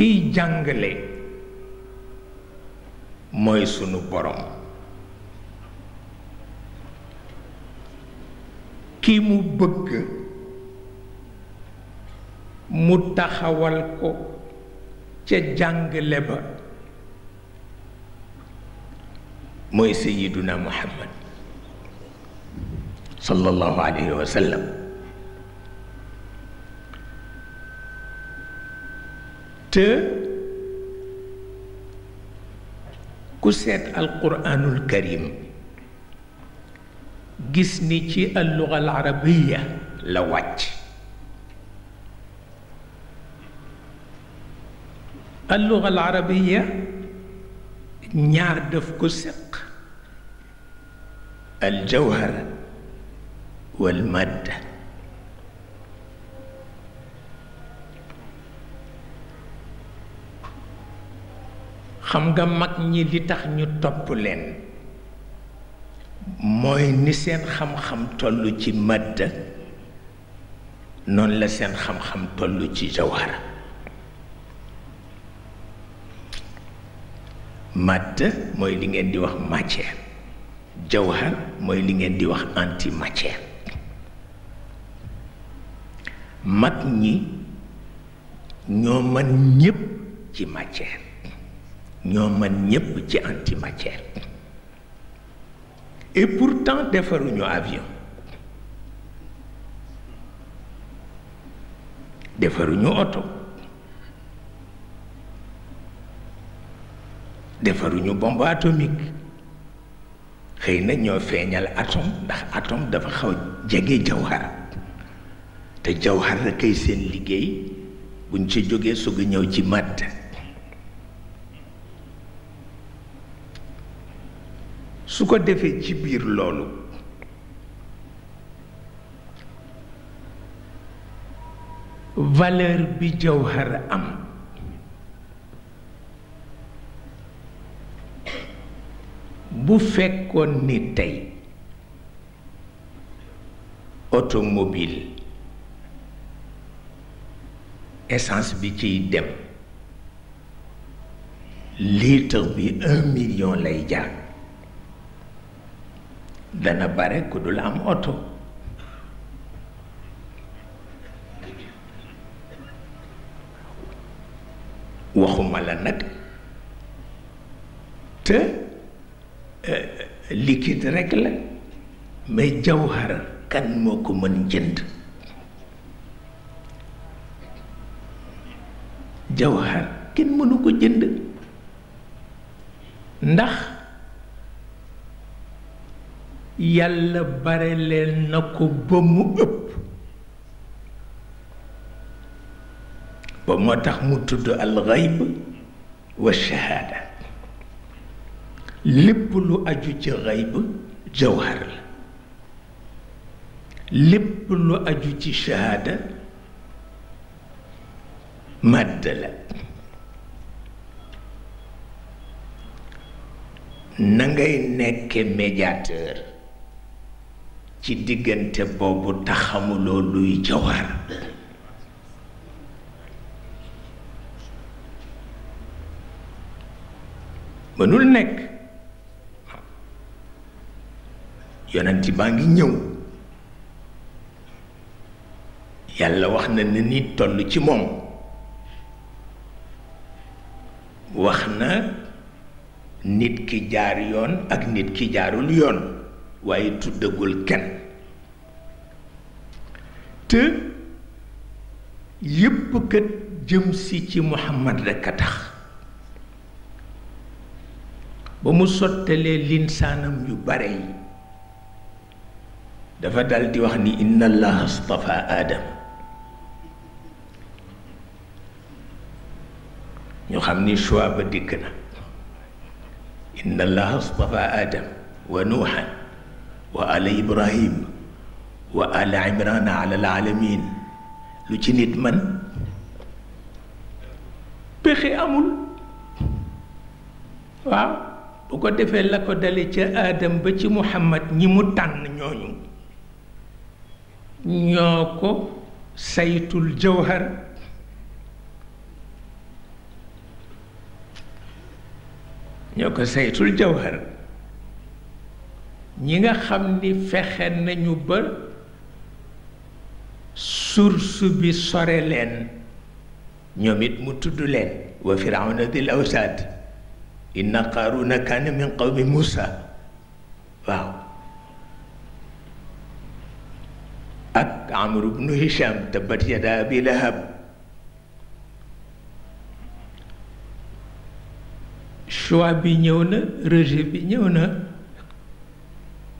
ki jangale moy sunu borom ki mu bëgg mu taxawal ko ca jàngale ba mooy sayiduna muhammad sallallahu alaihi wasallam. ku seet القرآن الكريم جسني ni اللغة العربية la اللغة العربية ñaar def ko الجوهر والمادة xam nga mag ñi li tax ñu topp leen mooy ni seen xam-xam toll ci madda noon la seen xam-xam toll ci jawaara madda mooy li ngeen di wax matière jawaar mooy li ngeen di wax anti matière mag ñi ñoo mën ñépp ci matière ñoo man ñépp ci antimatière et pourtant defaruñu avion defaruñu oto defaruñu bombe atomique xëy na ñoo feeñal atom ndax atom dafa xaw jege jawhar te jawhar a ay seen liggéey buñ ci jógee sugg ñëw ci matt su ko defee ci biir loolu valeur bi jawhar am bu fekkoon ni tey automobile essence bi ciy dem litre bi un million lay jaar dana bare ku dul am oto waxuma la nag te eh, liquide rekk la mais jawhar kan moo ko mën jënd jawhar kenn mënu ko jënd ndax yàlla bare leen na ko ba mu ëpp ba moo tax mu tudd alxayb wa shahaada lépp lu aju ci xayb jawhar la lépp lu aju ci shahaada màdd la na ngay nekk médiateur ci diggante boobu taxamuloo luy jawaar mënul nekk yonent baa ngi ñëw yàlla wax na ne nit ci moom wax na nit ki jaar yoon ak nit ki jaarul yoon waaye tuddagul kenn te yépp kat jëm si ci Muhammad rekk a tax ba mu sottalee linsaanam yu bare yi dafa dal di wax ni inna allaha astafa aadam ñu xam ni choix ba dikk na inna allaha astafa aadam wa nuuxan وآل إبراهيم وآل عمران على العالمين لوشي نيت من بخي أمول واو بوكو ديفال لاكو دالي تي آدم با محمد ني مو تان ньо ญ و ньоكو سيت الجوهر ньоكو سيت الجوهر ñi nga xam ni fexe nañu ba source bi sore leen ñoom it mu tudd leen wa firawna dil awsaad inna qaruna kaana min qawmi musa waaw ak amr ibn hisham tabat yada abi lahab choix bi ñëw na rejet bi ñëw na